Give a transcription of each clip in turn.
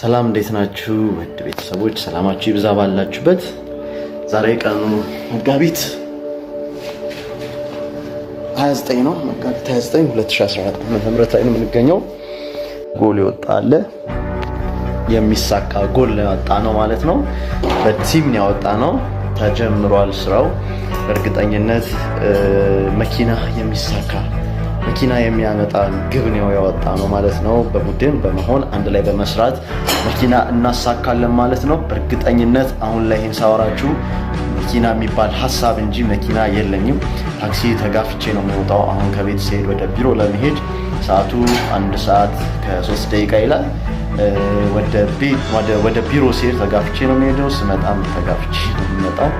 ሰላም እንዴት ናችሁ? ውድ ቤተሰቦች ሰላማችሁ ይብዛ ባላችሁበት። ዛሬ ቀኑ መጋቢት 29 ነው። መጋቢት 29 2014 ዓ.ም ላይ ነው የምንገኘው። ጎል የወጣ አለ የሚሳካ ጎል ያወጣ ነው ማለት ነው። በቲም ያወጣ ነው። ተጀምሯል ስራው በእርግጠኝነት መኪና የሚሳካ መኪና የሚያመጣ ግብ ነው ያወጣ ነው ማለት ነው። በቡድን በመሆን አንድ ላይ በመስራት መኪና እናሳካለን ማለት ነው። በእርግጠኝነት አሁን ላይ ይህን ሳወራችሁ መኪና የሚባል ሀሳብ እንጂ መኪና የለኝም። ታክሲ ተጋፍቼ ነው የሚወጣው። አሁን ከቤት ስሄድ ወደ ቢሮ ለመሄድ ሰዓቱ አንድ ሰዓት ከሶስት ደቂቃ ይላል። ወደ ቢሮ ስሄድ ተጋፍቼ ነው የሚሄደው። ስመጣም ተጋፍቼ ነው የሚመጣው።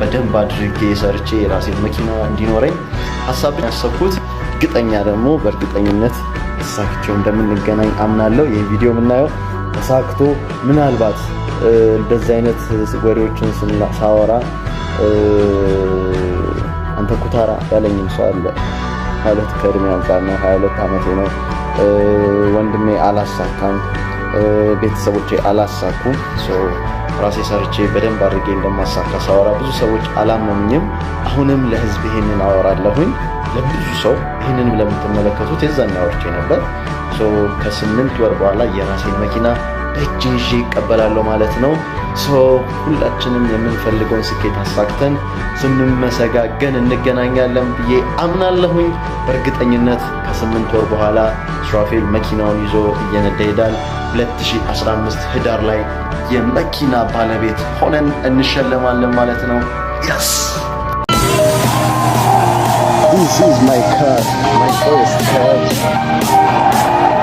በደንብ አድርጌ ሰርቼ የራሴ መኪና እንዲኖረኝ ሀሳብ ያሰብኩት እርግጠኛ ደግሞ በእርግጠኝነት እሳቸው እንደምንገናኝ አምናለሁ። ይህ ቪዲዮ የምናየው ተሳክቶ ምናልባት እንደዚህ አይነት ወሬዎችን ሳወራ አንተ ኩታራ ያለኝም ሰው አለ። ሀያሁለት ከእድሜ አንጻር ነው። ሀያሁለት ዓመቴ ነው። ወንድሜ አላሳካም፣ ቤተሰቦቼ አላሳኩም። ራሴ ሰርቼ በደንብ አድርጌ እንደማሳካ ሳወራ ብዙ ሰዎች አላመሙኝም። አሁንም ለህዝብ ይህንን አወራለሁኝ። ለብዙ ሰው ይህንንም ለምትመለከቱት የዛን ያወርቼ ነበር። ከስምንት ወር በኋላ የራሴን መኪና በእጅ ይዤ ይቀበላለሁ ማለት ነው። ሁላችንም የምንፈልገውን ስኬት አሳክተን ስንመሰጋገን እንገናኛለን ብዬ አምናለሁኝ። በእርግጠኝነት ከስምንት ወር በኋላ ሱራፌል መኪናውን ይዞ እየነዳ ይሄዳል። 2015 ህዳር ላይ የመኪና ባለቤት ሆነን እንሸለማለን ማለት ነው። ያስ This is my car, my first car.